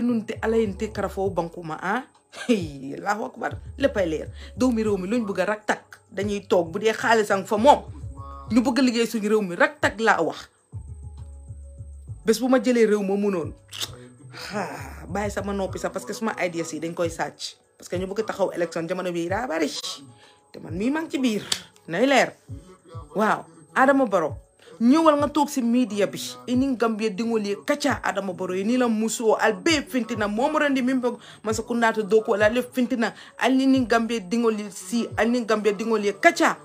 nun te ala yin karafo banku ma ah allahu akbar pay leer doomi rew mi luñ bëgg rak tak dañuy tok bu dé xaalisang fa mom ñu bëgg liggéey suñu rew mi rak tak laa wax bés bu ma jëlee réew ma mënoon ah sama nopi, sa parce que suma ideas yi dañ koy sàcc parce que ñu bëgg taxaw élection jamono bi da bari te man mi mang ci biir nay leer waaw adama baro ñëwal nga toog si media bi inin gambia dingoli kacha adama baro ini la muso al momo rendi mimbo mimbe masakunda to doko la le fintina al ni gambia dingoli si alini ni gambia dingoli kacha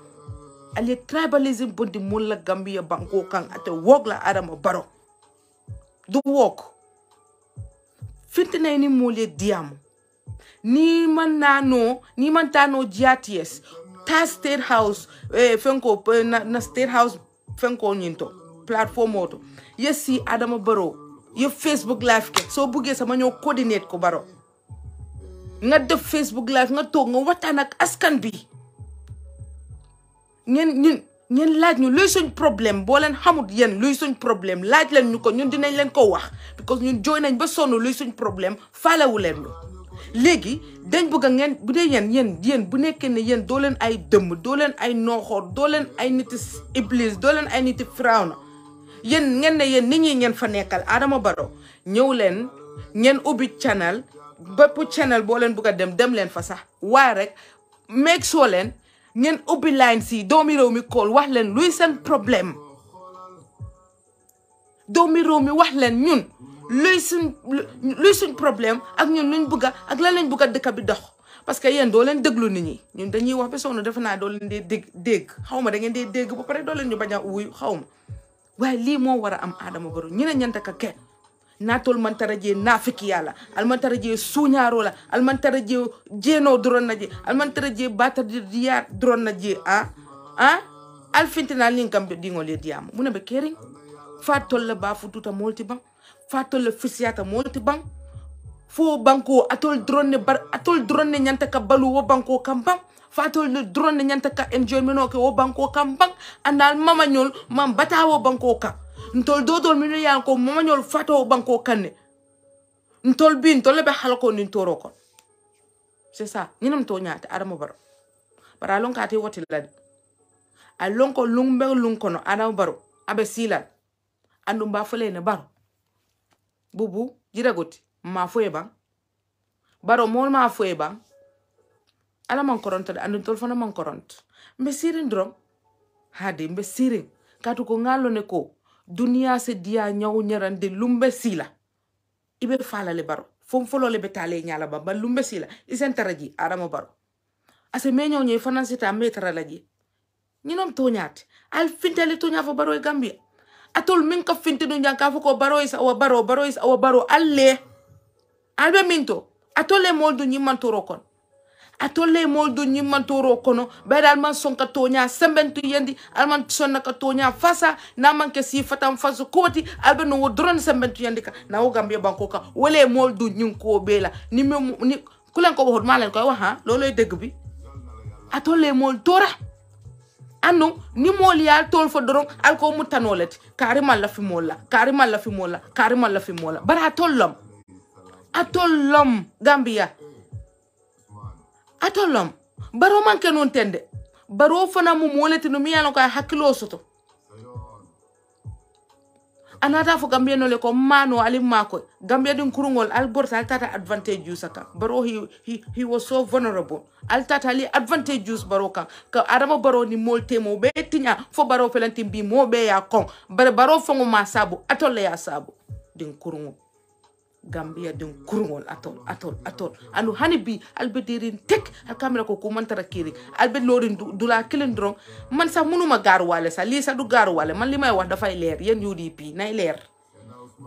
ale tribalism bondi mulla gambia banko kan ate wok la adama baro du wok fintina ini mole diam ni man nano ni man tano GTS ta state house eh, fenko eh, na, na state house fenkoo fenkoñinto platform oto si adama baro yo facebook live ke soo buggee sama ñoo coordinate ko baro nga def facebook live nga toog nga waxtaan ak askan bi ngeen ñun laaj ñu luy suñ problème boo leen xamut yéen luy suñ problème laaj leen ñu ko ñun dinañ leen ko wax because ñun jooy nañ ba sonn luy suñ problème faalewu leen léegi dañ bëgg a ngeen bu dee yéen yéen bu nekkee ne yéen doo leen ay dëmm doo leen ay nooxoor doo leen ay niti iblis doo leen ay niti firawna yéen ngeen ne yéen nit ñi ngeen fa nekkal Adama Barrow ñëw leen ngeen ubbi channel bépp channel boo leen bëgg dem dem leen fa sax waaye rek meeg soo leen ngeen ubbi line si doomi réew mi kool wax leen luy seen problème doomi réew mi wax leen ñun luy suñ luy suñ problème ak ñun luñ bëgg ak lan lañ bëgg a dëkk bi dox parce que yéen doo leen déglu nit ñi ñun dañuy wax ba sonn defe naa doo leen dee dégg dégg xaw ma da ngeen dee dégg ba pare doo leen ñu bañ a wuyu xaw ma waaye lii moo war a am Adama Barrow ñu ne ñanta ka kenn naatool man tara jee naafiki yàlla alman tara jee suuñaaroo la alman tara jee jeenoo doron na jee alman tara jee baata diyaar doron na jee ah ah alfintinaa linkam be dingol ye diyaama mu ne be kering faa tolla baa fututa moolti ba fatol fisiyata moti bang fo banko atol drone bar atol drone nyanta ka balu wo banko kambang fatol le drone nyanta ka enjoymento ke wo banko kambang andal mama nyol mam bata wo banko ka ntol dodol mino yanko mama nyol fato wo banko kanne ntol bin ntol be halko nin toro kon c'est ça ñinam to ñaata adama baro bara lon ka te woti lad a lon ko lung be lung baro abe ne baro bubu jiragoti ma foye ba baro mol ma foye ba ala man koronto de andun tol fana man koronto mbe sirin drom hade mbe sirin katu ko ngalo ne ko duniya se diya nyaw nyarande lumbe sila ibe fala le baro fom folo le betale nyala ba ba lumbe sila isen taraji adama baro ase me nyaw nyay fanan sita me taralaji ñinom toñaate al fintali toña fo baro e gambia atol min ka finti dun janka fo ko baro is awa baro baro is awa baro alle albe minto atole mol dun yimman toro kon atole mol dun yimman toro kono bayda alman son ka tonya sembentu yendi alman son ka tonya fasa na man ke si fatam fasu koti albe no wodron sembentu yendi ka na wo gambia banko ka wole mol dun bela ni me ni kulan ko hod malen ko wa ha loloy e deug bi atole mol tora anu ni moolu ye ali toolu fo doroŋ ali ko mu tanoo le ti kaari maŋ lafi moolu la kaari maŋ lafi moolu la kaari maŋ lafi moolu la bari a tolu lom a tolu lom gambiya a tolu lom bari wo maŋ ke nuŋ teŋ de bari wo fanaŋ mu moo le ti nu miŋ ye a loŋ ko a ye hakkiloo soto anata fo gambiyano le ko mano ali makoy gambiya din kurugol alborta altata advantage jusa kan baro he, he, he was so vulnerable altata ali advantage jus baro kan ka adama baro ni moltemo ɓe tiña fo baro felanti mbi moɓe ya kon bare baro fongo ma saabu atolle ya saabu din kurugol gambia den kurgol atol atol atol anu hani bi albe derin tek alkamira ko ko mantara kiri albe lorin dula kilin dron man sa munuma garu wale sa lisa du garu wale man limay wax dafay leer yen udp nay leer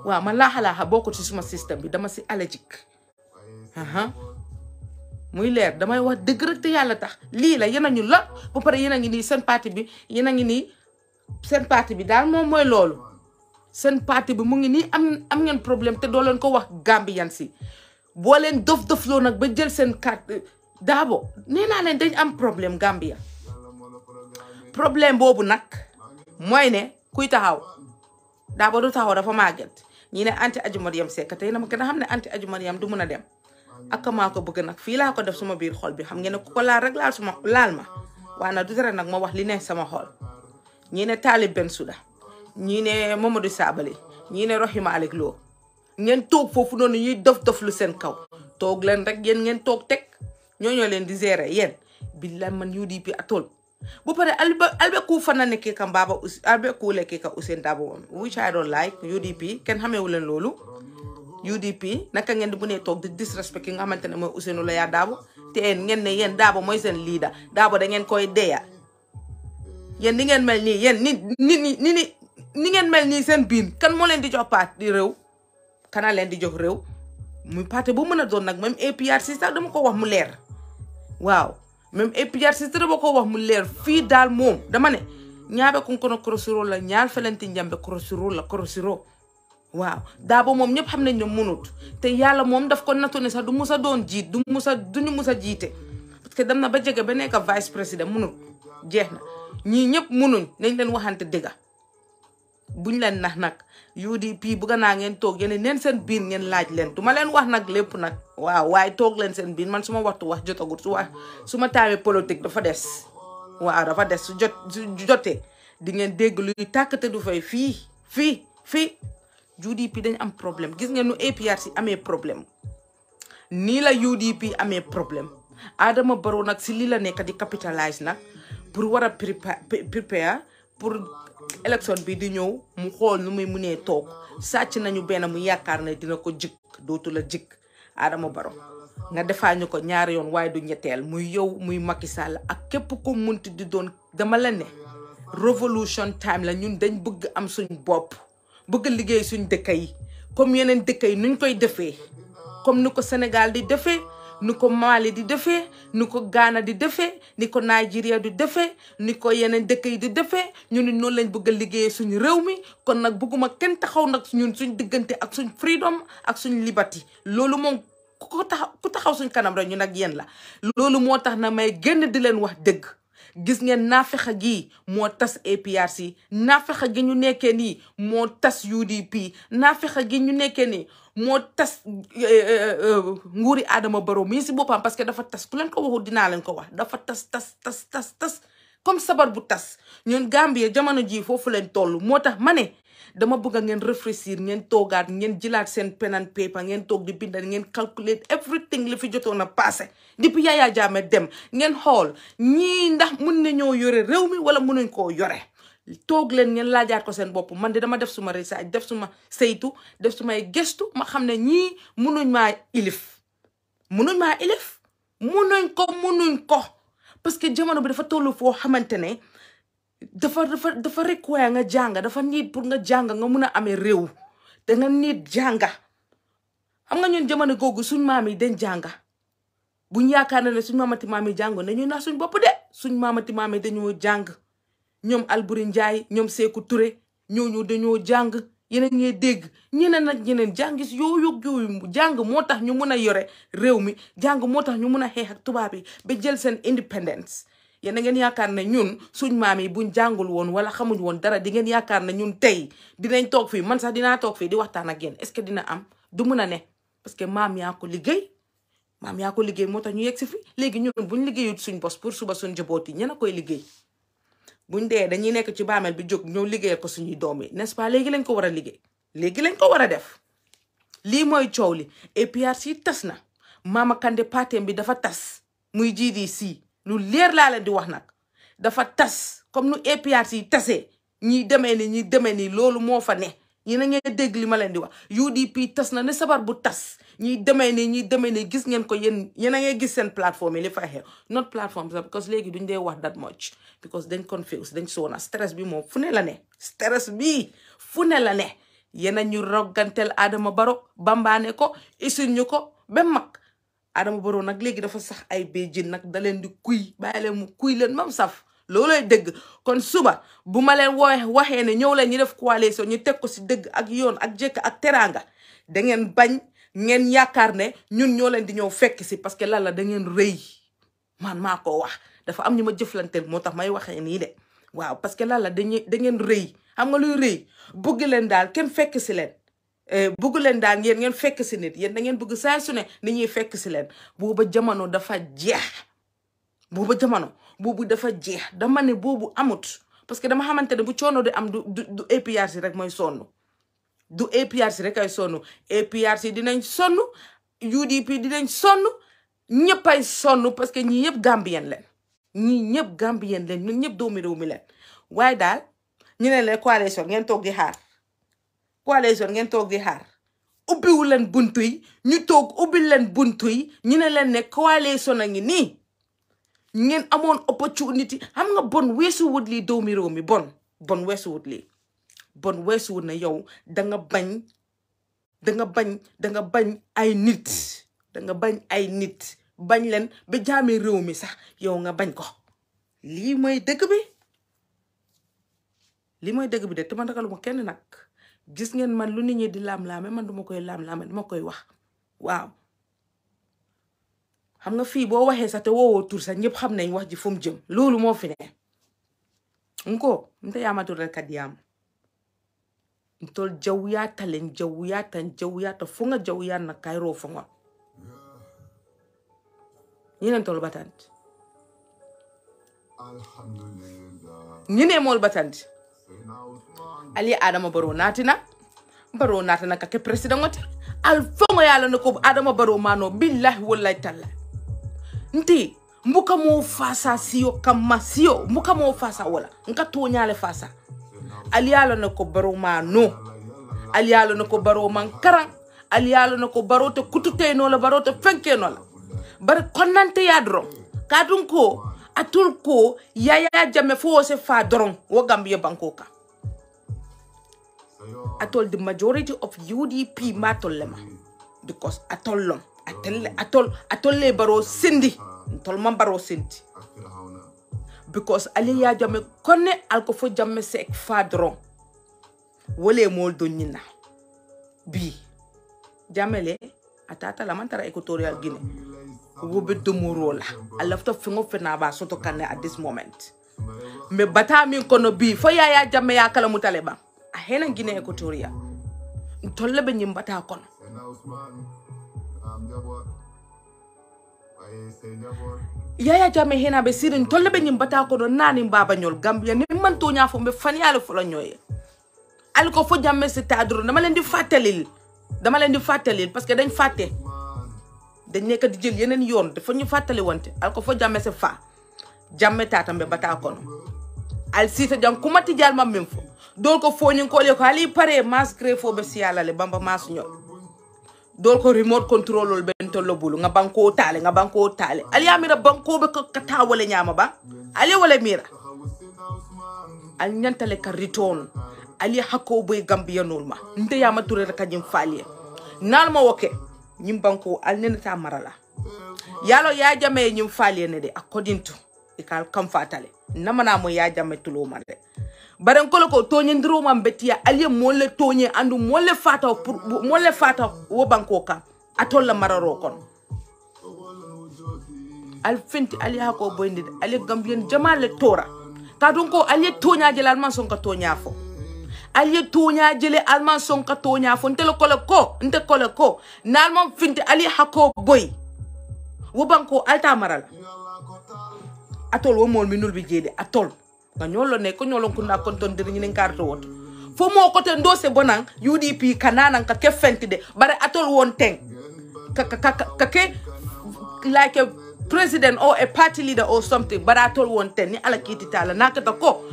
waaw man laaxalaaxa bokku ci suma système bi dama si allergique muy leer damay wax dëgg rek te yàlla tax lii la yéen a ñu la ba pare yéen a ngi nii seen parti bi yéen a ngi nii seen parti bi daal moom mooy loolu sen parti bi mu ngi ni am am ngeen problème te do leen ko wax Gambian si bo leen dof lo nak ba jël sen carte euh, dabo nee dañ am problème Gambia problème bobu nak moy ne kuy taxaw dabo du taxaw dafa màgget ñi ne anti aju Mariam Seck tay na ma gëna anti aju Mariam du mëna dem ak ma ko bëgg nak fi la ko def suma biir xol bi xam ngeen ko la rek la suma laal ma wana du dara nag ma wax li ne sama xol ñi ne Talib Bensouda ñi ne mamadou sabali ñi ne rohima alek lo ñen tok fofu non ñi dof dof lu sen kaw tok len rek yéen ngeen toog tek ñoo ñoo di gérer yéen billahi man udp atol bu pare albe ku fana nekke kam baba albe ku lekke ka usen dabo which i don't like udp ken xamewu leen loolu UDP naka ngeen bu ne tok di disrespect nga xamantene moy Ousseynou la ya dabo te en ngeen ne yeen dabo moy sen leader dabo da ngeen koy deya yeen ni ngeen mel ni yeen ni ni ni ni ngeen mel nii seen biin kan moo leen di jox paat di réew kana di jox réew muy paate bu mën a doon nag même APRC sax dama ko wax mu leer waaw même APRC sax dama ko wax mu leer fii daal moom dama ne ñaabe kunkono korosiro la ñaar felenti njambe korosiro la korosiro waaw daa daabo moom ñëpp xam nañ ne mënut te yàlla moom daf ko nattu ne sax du mus a doon jiit du mus a duñu mus a jiite parce que dam na ba jege ba nekk vice président mënut jeex na ñii ñëpp mënuñ nañ leen waxante dëgga buñ leen nax nag UDP bëgg naa ngeen toog yéen neen seen biir ngeen laaj leen du ma leen wax nag lépp nag waaw waaye toog leen seen biir man suma waxtu wax jotagut su wax su ma taamee politique dafa des waaw dafa des su jot su jotee di ngeen dégg luy tàkkate du fay fii fii fii UDP dañ am problème gis ngeen nu APRC amee problème nii la UDP amee problème Adama baro nag si li la nekk di capitalise nag pour war a pour élection bi di ñëw mu xool nu muy munee toog sàcc nañu benn mu yaakaar ne dina ko jik dootu la jik Adama Barrow nga defaa ñu ko ñaari yoon waaye du ñetteel muy yow muy Macky Sall ak képp ko munti di doon dama la ne revolution time la ñun dañ bëgg am suñ bopp bëgg liggéey suñ dëkk yi comme yeneen dëkk yi nuñ koy defee comme ni ko Sénégal di defee nu ko Mali di defee nu ko Ghana di defee ni ko Nigeria di defee ni ko yeneen dëkk yi di defee ñu ni noonu lañ bëgg a liggéeyee suñu réew mi kon nag bëgguma kenn taxaw nag ñun suñ diggante ak suñ freedom ak suñ liberté loolu moom ku taxaw ku taxaw suñ kanam rek ñu nag yéen la loolu moo tax na may génn di leen wax dëgg gis ngeen naafexa gi moo tas APRC naafexa gi ñu nekkee nii moo tas UDP naafexa gi ñu nekkee nii moo tas eh, eh, eh, nguuri Adama Barrow mii si boppam parce que dafa tas ku leen ko waxul dinaa leen ko wax dafa tas tas tas tas tas comme sabar bu tas ñun Gambie jamono jii foofu leen toll moo tax ma ne dama bëgg a ngeen réfléchir ngeen toogaat ngeen jilaat seen pen and ngeen toog di bindal ngeen calculate everything li fi jotoon a passé depuis Yaya Jammeh dem ngeen xool ñii ndax mun nañoo yore réew mi wala munuñ koo yore toog leen ngeen laajaat ko seen bopp man de dama def suma research def suma saytu def sumay gestu ma xam ne ñii munuñ maa ilif munuñ maa ilif munuñ ko munuñ ko parce que jamono bi dafa tollu foo xamante ne dafa dafa dafa require nga jànga dafa need pour nga jànga nga mun a amee réew da nga need jànga xam nga ñun jamono googu suñ maam yi dañ bu buñ yaakaar ne suñ maamati maam yi jàngoon dañuy naa suñ bopp de suñ maamati maam yi dañoo jàng ñoom Alburi Njaay ñoom Seeku Ture ñooñu dañoo jàng yeneen ñee dégg ñeneen nag ñeneen jàngis yooyu yooyu jàng moo tax ñu mun a yore réew mi jàng moo tax ñu mun a xeex ak tubaab yi ba jël seen independence yéen ngeen yaakaar ne ñun suñ maam yi buñ jàngul woon wala xamuñ woon dara di ngeen yaakaar na ñun tey dinañ toog fii man sax dinaa toog fii di waxtaan ak yéen est-ce que dina am du mën a ne parce que maam yaa liggéey maam yaa ko moo tax ñu yegg si fi léegi ñun buñ liggéeyut suñ bos pour suba suñ jaboot yi ñen a koy liggéey buñ dee dañuy nekk ci baamel bi jóg ñëw liggéeyal ko suñuy doom yi n'est-ce pas léegi lañ ko war a liggéey léegi lañ ko war a def lii mooy coow li APRC tas na Mama Kandeh partem bi dafa tas muy GDC lu leer laa leen di wax nag dafa tas comme nu APRC yi tase ñi demee ni ñi demee ni loolu moo fa ne yéen a ngeen dégg li ma leen di wax UDP tas na ne sabar bu tas ñi demee ni ñi demee ni gis ngeen ko yéen yéen a ngeen gis seen plateforme yi li fa xew not plateforme sax because léegi duñ dee wax that much because dañ confuse dañ soona stress bi moom fu ne la ne stress bi fu ne la ne yéen a ñu rogganteel Adama Baro bambaane ko isin ñu ko ba mag Adama Barrow nag léegi dafa sax ay béjjén nag da leen di kuy bàyyi leen mu kuy leen mam saf loolooy dëgg kon suba bu ma leen woowe waxee ne ñëw leen ñu def coalition ñu teg ko si dëgg ak yoon ak jëkk ak teraanga da ngeen bañ ngeen yaakaar ne ñun ñoo leen di ñëw fekk si parce que lan la da ngeen rëy man maa ko wax dafa am ñu ma jëflanteel moo tax may waxee nii de waaw parce que lan la dañuy da ngeen rëy xam nga luy rëy bëgg leen daal kenn fekk si leen Eh, bëgg leen daal ngeen ngeen fekk si nit yéen da ngeen bëgg saa su ne ni ñuy fekk si leen booba jamono dafa jeex booba jamono boobu dafa jeex dama ne boobu amut parce que dama xamante ne bu coono di am du du APRC rek mooy sonn du APRC rek ay sonn APRC dinañ sonn UDP dinañ sonn ñëpp ay sonn parce que ñii ñëpp Gambien leen ñii ñëpp Gambien leen ñun ñëpp doomi réew mi leen waaye daal ñu ne leen coalition ngeen toog di xaar. coalition ngeen toog di xaar ubbiwu leen buntu ñu toog ubbi leen buntu yi ñu ne leen ne coalition a ngi nii ngeen amoon opportunité xam nga bon weesuwut lii doomi réew mi bon bon weesuwut lii bon weesuwut na yow danga bañ danga bañ da bañ ay nit bañ ay nit bañ leen ba jaamee réew mi sax yow nga bañ ko lii mooy dëgg bi lii mooy dëgg bi de te man ragaluma kenn nag gis ngeen man lu nit ñi di laam man duma koy laam-laame dama koy wax waaw xam nga fii boo waxee sax te woowoo tur sax xam nañ wax ji fu mu jëm loolu moo fi ne nko nte yaamatul rek kat yaam ntol jaw yaata len jaw jaw yaata fo jaw yaan na kayroo fo nga ñeneen tol batant ñeneen mool batant ali adama baro natina baro natina kake president wote alfongo ya lana ko adama baro mano billahi wallahi talla nti mbuka mo fasa siyo kama siyo mbuka mo fasa wala nka to nyale fasa ali ya lana ko baro mano ali ya lana ko baro man karan ali ya lana ko baro to kutute no la baro to fenke no la bar konnante ya kadun ko atul ko yaya jame fo se fa dron wo gambiya banko ka I told the majority of UDP matolema because I told them I told I told I told Lebaro Cindy told Mambaro Cindy because Aliya jame kone alkofo jamme se ek fadron wole mol do nyina bi jamele atata la mantara equatorial guinea wobe domoro la alafta fingo fena ba soto kane at this moment me bata min kono bi fo yaya jame ya kala mutaleba a hena guinea equatoria tolle ɓe ñimbata kono yaya jame henaɓe sirin tolle ɓe ñimbata kono nani mbabañol gambia ni man toña fo ɓe faniyale fulañoye ali ko fo jamme si tadoro dama leen di fàttalil dama leen di fàttalil parce que dañ fàtte dañ nekk di jël yeneen yoon dafa ñu fàttali wante ali ko fo jamme si fa jamme tatamɓe bata kono ali sita jang kumati jalmam min fo dool ko foñinkoole ko hali pare masgré fo ɓe siyalale bamba masuñol dool ko remote controlol ɓen tollo bulu ga banko tale ga banko tale aliyamira bankoɓe ka wala ñama ba ali wala mira al ñantale ka ritono ali hakko boye gambiyanol ma ndeyama turere kañum faaliye nalma woke ñim banko al nenata marala yalo yajame e ñim faaliyene de according to e kal kam fatale namanamo yajame tuloma de baran kolo ko tonye ndiro man betiya aliye molle tonye andu molle fata pour molle fata wo banko ka atolla mararo kon al fenti ali ha ko boyndi ali gambian jamal tora ka don ko ali tonya je alman son ka tonya fo ali tonya jele alman son ka tonya fo ntel kolo ko nte kolo ko nalmo finti ali ha ko boy wo banko alta maral atol wo mol minul bi jeli atol nga nyolo ne ko nyolo kunda ton dir nyinen carte wot fo mo kote ndo se bonan UDP kananan ka kefenti de bare atol won teng ka ka ka, ke like a president or a party leader or something bare atol won ten ni ala kiti tala nakata ko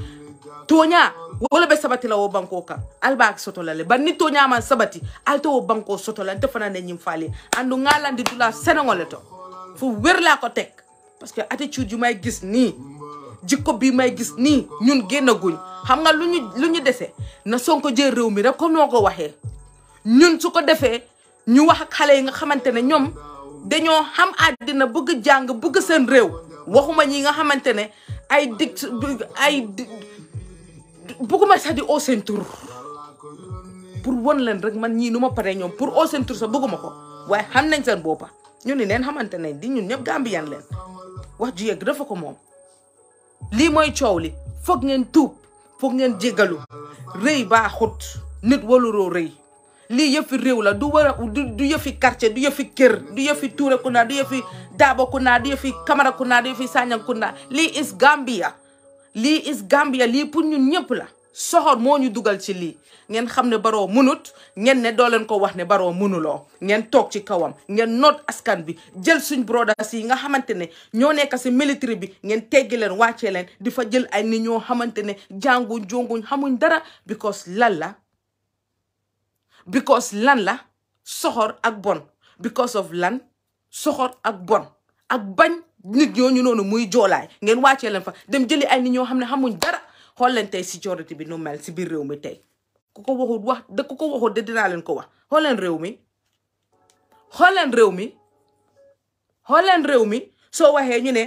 tonya wala be sabati la wo banko ka alba ak soto la le ban ni tonya man sabati alto wo banko soto la te fana ne nyim fali andu ngalandi dula senengol to fu werla ko tek parce que attitude yu may gis ni jikko bii may gis nii ñun génnaguñ xam nga lu ñu lu ñu dese na Sonko jël réew mi rek comme noo ko waxee ñun su ko defee ñu wax ak xale yi nga xamante ne ñoom dañoo xam àddina bëgg jàng bëgg seen réew waxuma ñi nga xamante ne ay dig ay bëgguma sax di oo seen tur pour won leen rek man ñii nu ma paree ñoom pour oo seen sax bëgguma ko waaye xam nañ seen boppa ñu ni neen xamante ne di ñun ñëpp bi leen wax ju yegg dafa ko moom lii mooy coow li foog ngeen tuub foog ngeen jégalu rëy baaxut nit waluroo rëy lii yëfi réew la du war a du yëfi quartier du yëfi kër du yëfi Touré Kunda du yëfi Daba Kunda du yëfi Kamara Kunda du yëfi Sanyang Kunda lii is Gambia lii is lii pour ñun ñëpp la soxor moo ñu dugal ci lii ngeen xam ne baro mënut ngeen ne doo leen ko wax ne baroo mënuloo ngeen toog ci kawam ngeen noot askan bi jël suñ brodas yi nga xamante ne ñoo nekk si military bi ngeen teggi leen wàccee leen di fa jël ay ni ñoo xamante ne jànguñ jonguñ xamuñ dara because lan la because lan la soxor ak bon because of lan soxor ak bon ak bañ nit ñooñu noonu muy joolaay ngeen wàccee leen fa dem jëli ay nit ñoo xam ne xamuñ dara xool leen tey si joroti bi nu mel si biir réew mi tey ku ko waxut wax de ku ko waxut de dinaa leen ko wax xool leen réew mi xool leen réew mi xool leen réew mi soo waxee ñu ne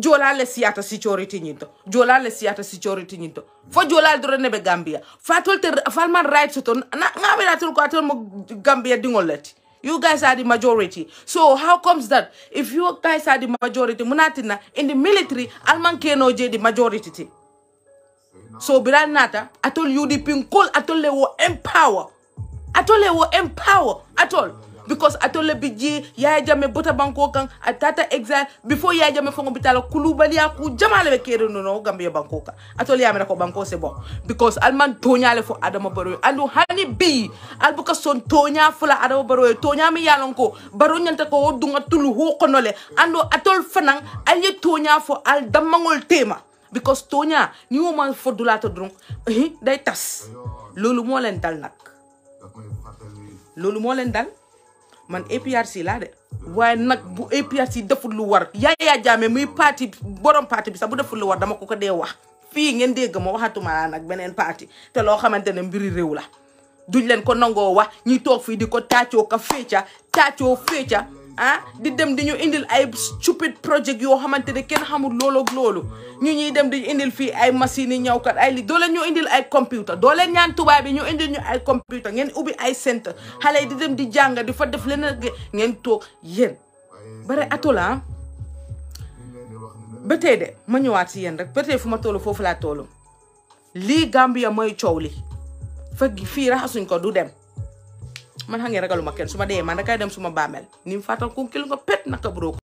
joolaa le siyata security ñinto joolaa le siyata security ñinto fo joolaa doro nebe gambia fa tolter falman right soto na ngabe na ko atol mo gambia dingol leti you guys are the majority so how comes that if you guys are the majority munatina in the military alman keno je the majority thing so bila nata atol UDP nkol I told you empower I told you empower all because atol le biji yaya jame bota banko kan atata exile before yaya jame fongo bitala kulubali ya ku jamale be kere nono gambia banko kan atol ya mena ko banko se bon because alman tonya le fo adama baro alu hani bi albuka son tonya fula adama baro tonya mi yalon ko baro nyanta ko dunga tulu ho konole ando atol fanang, alye tonya fo al damangol tema because Tonya, ni ma ma foddulaata drunk day tas loolu mo len dal nak loolu mo len dal man APRC la de waaye nak bu APRC deful lu war Yaya jame muy parti borom parti bi sa bu deful lu war dama ko ko de wax fi ngeen deg ma waxatuma laa nag beneen parti te lo xamantene mbiri rew la duñ len ko nango wax ñi tok fi diko ka fecha tacho fecha ah di dem di ñu indil ay stupid project yoo xamante ne kenn xamul loolu loolu ñu ñuy dem di indil fii ay machines yi kat ay li doole leen ñu indil ay computer doo leen tubaab yi ñu indil ñu ay computer ngeen ubbi ay centre xale yi di dem di jàng di fa def leneen ngeen toog yéen bare atula ah. ba tey de ma ñëwaat si yéen rek ba tey fu ma toll foofu laa toll lii Gambia mooy coow li fa fii raxasuñ ko du dem man xa ngeen ragalu kenn su ma dee man da kay dem suma bàmmeel ni mu faatal ku kil pet naka buroo ko